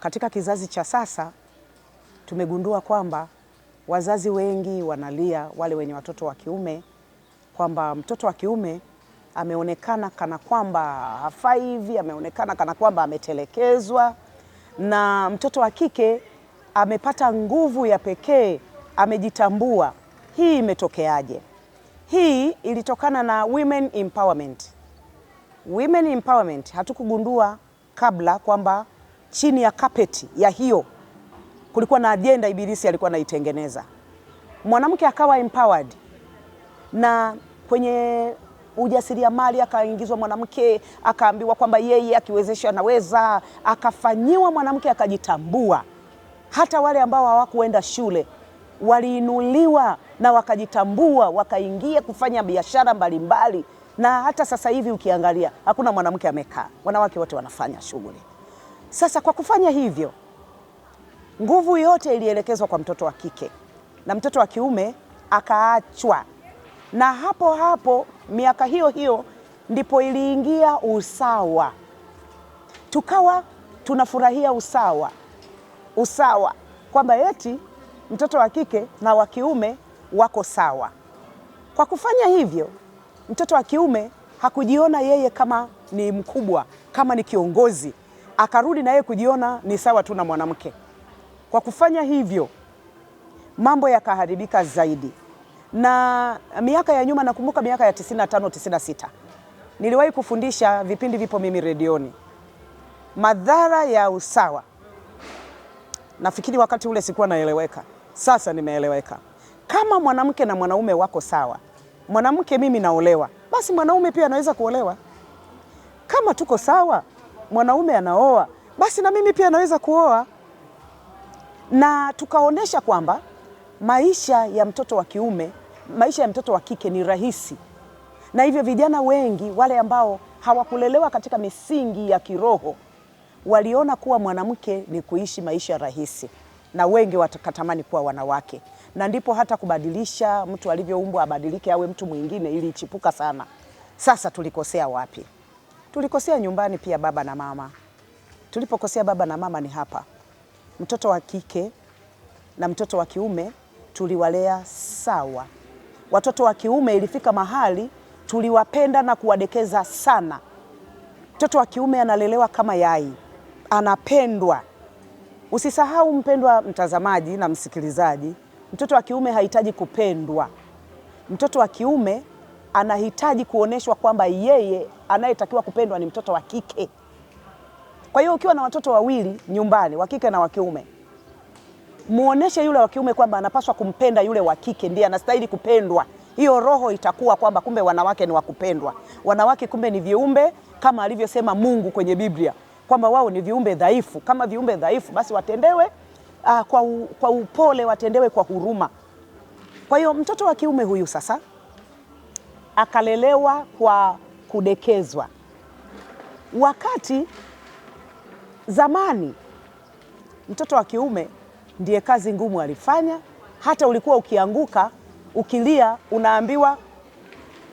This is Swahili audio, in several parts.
Katika kizazi cha sasa tumegundua kwamba wazazi wengi wanalia, wale wenye watoto wa kiume, kwamba mtoto wa kiume ameonekana kana kwamba hafai hivi, ameonekana kana kwamba ametelekezwa, na mtoto wa kike amepata nguvu ya pekee, amejitambua. Hii imetokeaje? Hii ilitokana na women empowerment. Women empowerment hatukugundua kabla kwamba chini ya kapeti ya hiyo kulikuwa na ajenda Ibilisi alikuwa anaitengeneza. Mwanamke akawa empowered na kwenye ujasiriamali akaingizwa mwanamke, akaambiwa kwamba yeye akiwezesha anaweza, akafanyiwa mwanamke, akajitambua. Hata wale ambao hawakuenda shule waliinuliwa na wakajitambua, wakaingia kufanya biashara mbalimbali, na hata sasa hivi ukiangalia hakuna mwanamke amekaa, wanawake wote wanafanya shughuli. Sasa kwa kufanya hivyo, nguvu yote ilielekezwa kwa mtoto wa kike na mtoto wa kiume akaachwa, na hapo hapo miaka hiyo hiyo ndipo iliingia usawa, tukawa tunafurahia usawa, usawa kwamba eti mtoto wa kike na wa kiume wako sawa. Kwa kufanya hivyo, mtoto wa kiume hakujiona yeye kama ni mkubwa, kama ni kiongozi, akarudi na yeye kujiona ni sawa tu na mwanamke. Kwa kufanya hivyo, mambo yakaharibika zaidi. Na miaka ya nyuma, nakumbuka miaka ya 95 96 niliwahi kufundisha vipindi, vipo mimi redioni, madhara ya usawa. Nafikiri wakati ule sikuwa naeleweka, sasa nimeeleweka. Kama mwanamke na mwanaume wako sawa, mwanamke mimi naolewa, basi mwanaume pia anaweza kuolewa kama tuko sawa mwanaume anaoa, basi na mimi pia naweza kuoa, na tukaonesha kwamba maisha ya mtoto wa kiume, maisha ya mtoto wa kike ni rahisi, na hivyo vijana wengi wale ambao hawakulelewa katika misingi ya kiroho waliona kuwa mwanamke ni kuishi maisha rahisi, na wengi watakatamani kuwa wanawake, na ndipo hata kubadilisha mtu alivyoumbwa abadilike awe mtu mwingine ili ichipuka sana. Sasa tulikosea wapi? Tulikosea nyumbani pia, baba na mama. Tulipokosea baba na mama ni hapa. Mtoto wa kike na mtoto wa kiume tuliwalea sawa. Watoto wa kiume ilifika mahali tuliwapenda na kuwadekeza sana. Mtoto wa kiume analelewa kama yai, anapendwa. Usisahau mpendwa mtazamaji na msikilizaji, mtoto wa kiume hahitaji kupendwa. Mtoto wa kiume anahitaji kuoneshwa kwamba yeye anayetakiwa kupendwa ni mtoto wa kike. Kwa hiyo ukiwa na watoto wawili nyumbani, wa kike na wa kiume, muoneshe yule wa kiume kwamba anapaswa kumpenda yule wa kike, ndiye anastahili kupendwa. Hiyo roho itakuwa kwamba kumbe wanawake ni wakupendwa, wanawake kumbe ni viumbe kama alivyosema Mungu kwenye Biblia kwamba wao ni viumbe dhaifu. Kama viumbe dhaifu, basi watendewe uh, kwa, u, kwa upole, watendewe kwa huruma. Kwa hiyo mtoto wa kiume huyu sasa akalelewa kwa kudekezwa. Wakati zamani mtoto wa kiume ndiye kazi ngumu alifanya, hata ulikuwa ukianguka ukilia unaambiwa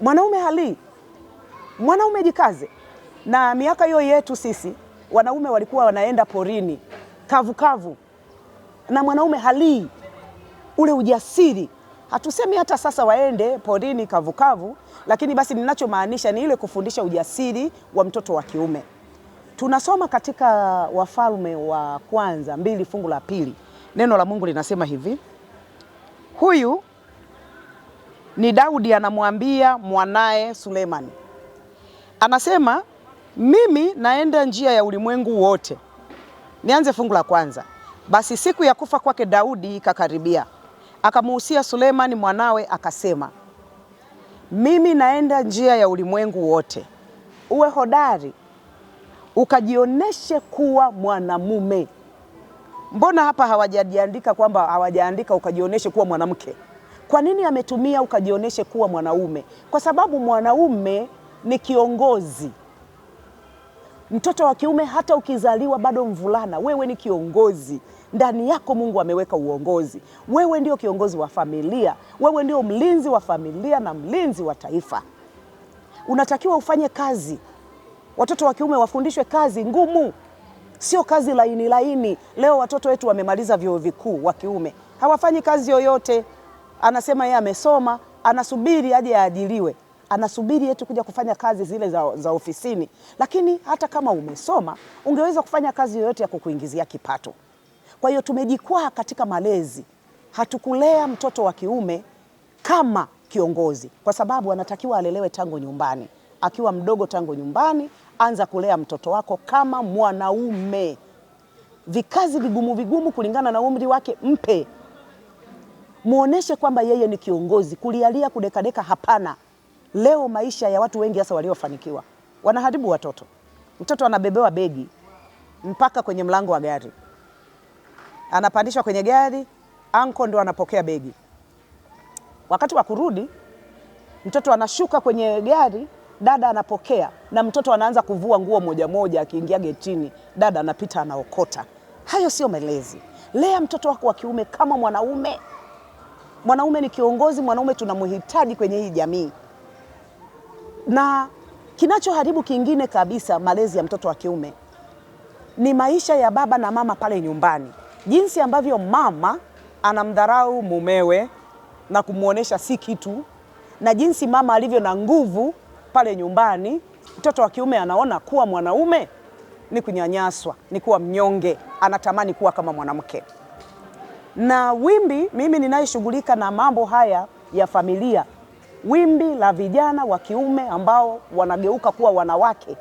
mwanaume halii, mwanaume jikaze. Na miaka hiyo yetu sisi wanaume walikuwa wanaenda porini kavukavu kavu, na mwanaume halii ule ujasiri Hatusemi hata sasa waende porini kavukavu, lakini basi ninachomaanisha ni ile kufundisha ujasiri wa mtoto wa kiume. Tunasoma katika Wafalme wa Kwanza mbili fungu la pili, neno la Mungu linasema hivi, huyu ni Daudi anamwambia mwanaye Sulemani, anasema mimi naenda njia ya ulimwengu wote. Nianze fungu la kwanza. Basi siku ya kufa kwake Daudi ikakaribia, Akamuhusia Suleimani mwanawe akasema, mimi naenda njia ya ulimwengu wote, uwe hodari ukajionyeshe kuwa mwanamume. Mbona hapa hawajaandika kwamba hawajaandika ukajionyeshe kuwa mwanamke? Kwa nini ametumia ukajionyeshe kuwa mwanaume? Kwa sababu mwanaume ni kiongozi. Mtoto wa kiume hata ukizaliwa bado mvulana, wewe ni kiongozi ndani yako. Mungu ameweka uongozi, wewe ndio kiongozi wa familia, wewe ndio mlinzi wa familia na mlinzi wa taifa. Unatakiwa ufanye kazi. Watoto wa kiume wafundishwe kazi ngumu, sio kazi laini laini. Leo watoto wetu wamemaliza vyuo vikuu wa kiume hawafanyi kazi yoyote, anasema yeye amesoma, anasubiri aje aajiliwe anasubiri yetu kuja kufanya kazi zile za, za ofisini. Lakini hata kama umesoma ungeweza kufanya kazi yoyote ya kukuingizia kipato. Kwa hiyo tumejikwaa katika malezi, hatukulea mtoto wa kiume kama kiongozi, kwa sababu anatakiwa alelewe tangu nyumbani, akiwa mdogo tangu nyumbani. Anza kulea mtoto wako kama mwanaume. Vikazi vigumu vigumu kulingana na umri wake mpe, muoneshe kwamba yeye ni kiongozi. Kulialia kudekadeka, hapana. Leo maisha ya watu wengi hasa waliofanikiwa wanaharibu watoto. Mtoto anabebewa begi mpaka kwenye mlango wa gari, anapandishwa kwenye gari, anko ndo anapokea begi. Wakati wa kurudi, mtoto anashuka kwenye gari, dada anapokea, na mtoto anaanza kuvua nguo moja moja. Akiingia getini, dada anapita anaokota. Hayo sio malezi. Lea mtoto wako wa kiume kama mwanaume. Mwanaume ni kiongozi, mwanaume tunamhitaji kwenye hii jamii. Na kinachoharibu kingine kabisa malezi ya mtoto wa kiume ni maisha ya baba na mama pale nyumbani, jinsi ambavyo mama anamdharau mumewe na kumwonyesha si kitu, na jinsi mama alivyo na nguvu pale nyumbani. Mtoto wa kiume anaona kuwa mwanaume ni kunyanyaswa, ni kuwa mnyonge, anatamani kuwa kama mwanamke. Na wimbi, mimi ninayeshughulika na mambo haya ya familia, wimbi la vijana wa kiume ambao wanageuka kuwa wanawake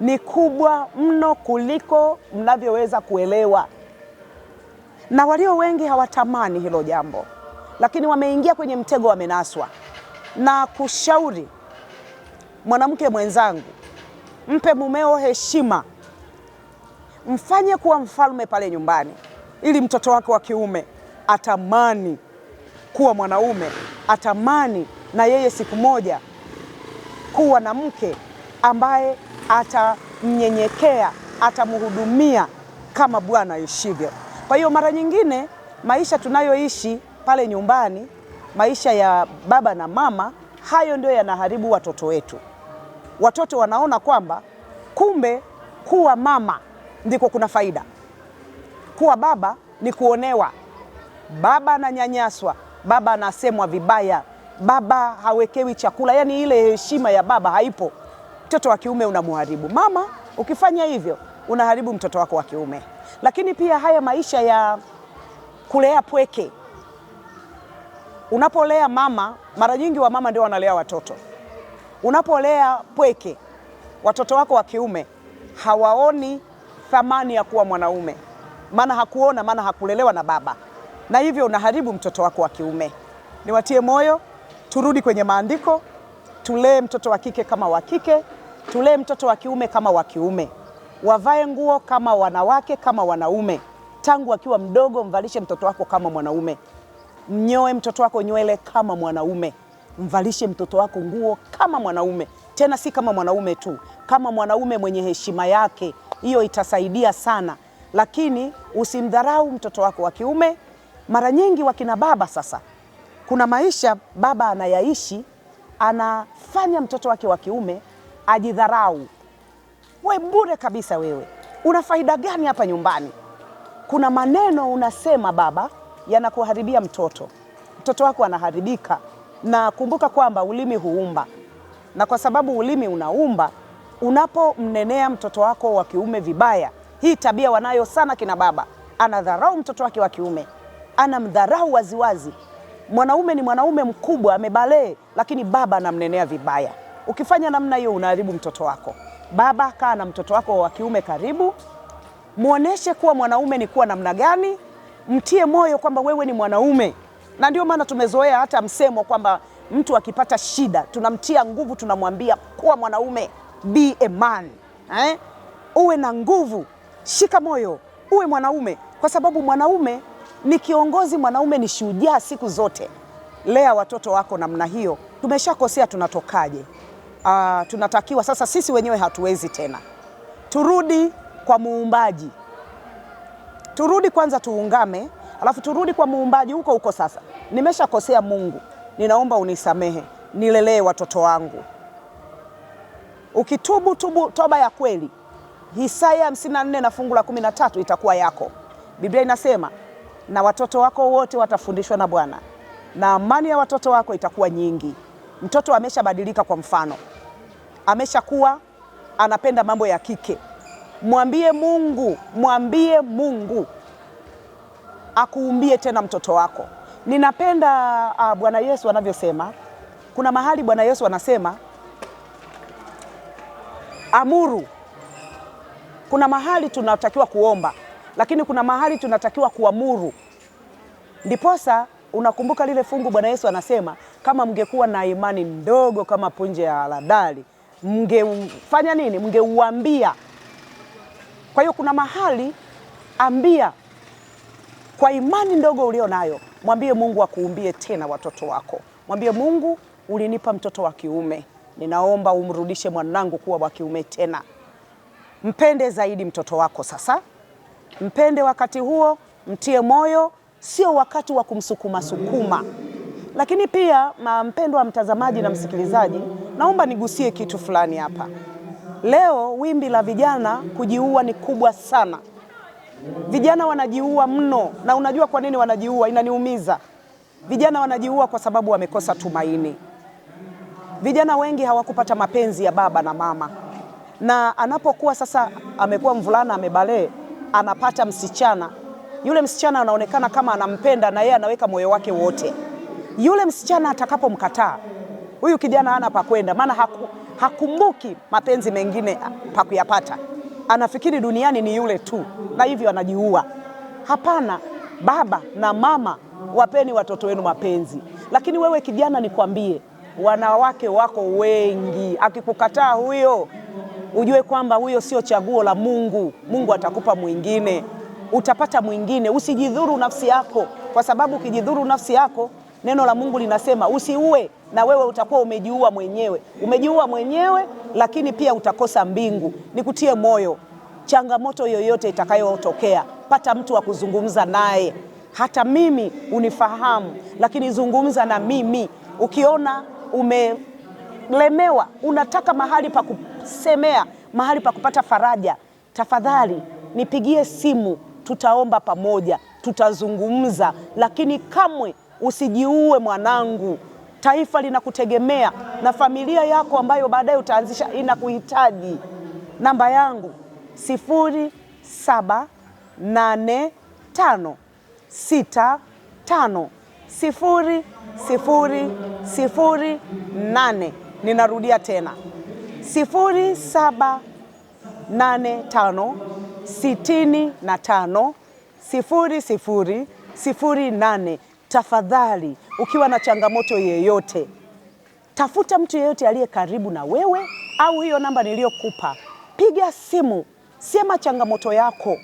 ni kubwa mno kuliko mnavyoweza kuelewa, na walio wengi hawatamani hilo jambo, lakini wameingia kwenye mtego, wamenaswa. Na kushauri mwanamke mwenzangu, mpe mumeo heshima, mfanye kuwa mfalme pale nyumbani, ili mtoto wake wa kiume atamani kuwa mwanaume, atamani na yeye siku moja kuwa na mke ambaye atamnyenyekea, atamhudumia kama Bwana aishivyo. Kwa hiyo mara nyingine maisha tunayoishi pale nyumbani, maisha ya baba na mama, hayo ndio yanaharibu watoto wetu. Watoto wanaona kwamba kumbe kuwa mama ndiko kuna faida, kuwa baba ni kuonewa, baba ananyanyaswa, baba anasemwa vibaya baba hawekewi chakula, yani ile heshima ya baba haipo. Mtoto wa kiume unamuharibu. Mama, ukifanya hivyo unaharibu mtoto wako wa kiume. Lakini pia haya maisha ya kulea pweke, unapolea mama, mara nyingi wa mama ndio wanalea watoto. Unapolea pweke, watoto wako wa kiume hawaoni thamani ya kuwa mwanaume, maana hakuona, maana hakulelewa na baba, na hivyo unaharibu mtoto wako wa kiume. Niwatie moyo turudi kwenye maandiko, tulee mtoto wa kike kama wa kike, tulee mtoto wa kiume kama wa kiume, wavae nguo kama wanawake kama wanaume. Tangu akiwa mdogo, mvalishe mtoto wako kama mwanaume, mnyoe mtoto wako nywele kama mwanaume, mvalishe mtoto wako nguo kama mwanaume, tena si kama mwanaume tu, kama mwanaume mwenye heshima yake. Hiyo itasaidia sana, lakini usimdharau mtoto wako wa kiume. Mara nyingi wakina baba sasa kuna maisha baba anayaishi, anafanya mtoto wake wa kiume ajidharau. We bure kabisa, wewe una faida gani hapa nyumbani? Kuna maneno unasema baba yanakuharibia mtoto, mtoto wako anaharibika. Na kumbuka kwamba ulimi huumba, na kwa sababu ulimi unaumba, unapomnenea mtoto wako wa kiume vibaya, hii tabia wanayo sana kina baba, anadharau mtoto wake wa kiume, anamdharau waziwazi Mwanaume ni mwanaume mkubwa, amebalee, lakini baba anamnenea vibaya. Ukifanya namna hiyo, unaadhibu mtoto wako. Baba, kaa na mtoto wako wa kiume karibu, muoneshe kuwa mwanaume ni kuwa namna gani, mtie moyo kwamba wewe ni mwanaume. Na ndio maana tumezoea hata msemo kwamba mtu akipata shida tunamtia nguvu, tunamwambia kuwa mwanaume, be a man eh? Uwe na nguvu, shika moyo, uwe mwanaume, kwa sababu mwanaume ni kiongozi mwanaume, ni shujaa siku zote. Lea watoto wako namna hiyo. Tumeshakosea, tunatokaje? Uh, tunatakiwa sasa, sisi wenyewe hatuwezi tena, turudi kwa muumbaji, turudi kwanza, tuungame, alafu turudi kwa muumbaji huko huko. Sasa nimeshakosea, Mungu ninaomba unisamehe, nilelee watoto wangu. Ukitubu tubu toba ya kweli, Isaya 54 na fungu la 13 itakuwa yako. Biblia inasema na watoto wako wote watafundishwa na Bwana na amani ya watoto wako itakuwa nyingi. Mtoto ameshabadilika, kwa mfano ameshakuwa anapenda mambo ya kike. Mwambie Mungu, mwambie Mungu akuumbie tena mtoto wako. Ninapenda uh, Bwana Yesu anavyosema. Kuna mahali Bwana Yesu anasema amuru, kuna mahali tunatakiwa kuomba lakini kuna mahali tunatakiwa kuamuru. Ndiposa unakumbuka lile fungu Bwana Yesu anasema kama mngekuwa na imani ndogo kama punje ya haradali mngefanya nini? Mngeuambia. Kwa hiyo kuna mahali ambia kwa imani ndogo ulio nayo, mwambie Mungu akuumbie tena watoto wako. Mwambie Mungu, ulinipa mtoto wa kiume, ninaomba umrudishe mwanangu kuwa wa kiume tena. Mpende zaidi mtoto wako sasa, Mpende wakati huo, mtie moyo, sio wakati wa kumsukuma sukuma. Lakini pia wa mtazamaji na msikilizaji, naomba nigusie kitu fulani hapa. Leo wimbi la vijana kujiua ni kubwa sana. Vijana wanajiua mno, na unajua kwa nini wanajiua? Inaniumiza. Vijana wanajiua kwa sababu wamekosa tumaini. Vijana wengi hawakupata mapenzi ya baba na mama, na anapokuwa sasa amekuwa mvulana amebalee, anapata msichana, yule msichana anaonekana kama anampenda na yeye anaweka moyo wake wote. Yule msichana atakapomkataa, huyu kijana hana pa kwenda, maana haku, hakumbuki mapenzi mengine pa kuyapata. Anafikiri duniani ni yule tu, na hivyo anajiua. Hapana, baba na mama, wapeni watoto wenu mapenzi. Lakini wewe kijana, nikwambie, wanawake wako wengi, akikukataa huyo ujue kwamba huyo sio chaguo la Mungu. Mungu atakupa mwingine, utapata mwingine. Usijidhuru nafsi yako, kwa sababu ukijidhuru nafsi yako, neno la Mungu linasema usiue, na wewe utakuwa umejiua mwenyewe. Umejiua mwenyewe, lakini pia utakosa mbingu. Nikutie moyo, changamoto yoyote itakayotokea, pata mtu wa kuzungumza naye. Hata mimi unifahamu, lakini zungumza na mimi. Ukiona umelemewa, unataka mahali pa semea mahali pa kupata faraja, tafadhali nipigie simu, tutaomba pamoja, tutazungumza, lakini kamwe usijiue mwanangu. Taifa linakutegemea na familia yako ambayo baadaye utaanzisha inakuhitaji. Namba yangu sifuri saba nane tano sita tano sifuri sifuri sifuri nane. Ninarudia tena sifuri saba tano tano na sifuri sifuri sifuri nane. Tafadhali, ukiwa na changamoto yeyote, tafuta mtu yeyote aliye karibu na wewe au hiyo namba niliyokupa, piga simu, sema changamoto yako,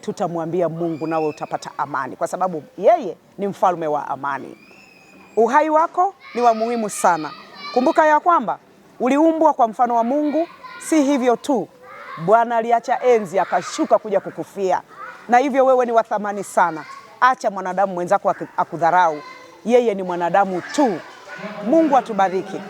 tutamwambia Mungu nawe utapata amani, kwa sababu yeye ni mfalme wa amani. Uhai wako ni wa muhimu sana. Kumbuka ya kwamba Uliumbwa kwa mfano wa Mungu. Si hivyo tu, Bwana aliacha enzi akashuka kuja kukufia, na hivyo wewe ni wa thamani sana. Acha mwanadamu mwenzako akudharau, yeye ni mwanadamu tu. Mungu atubariki.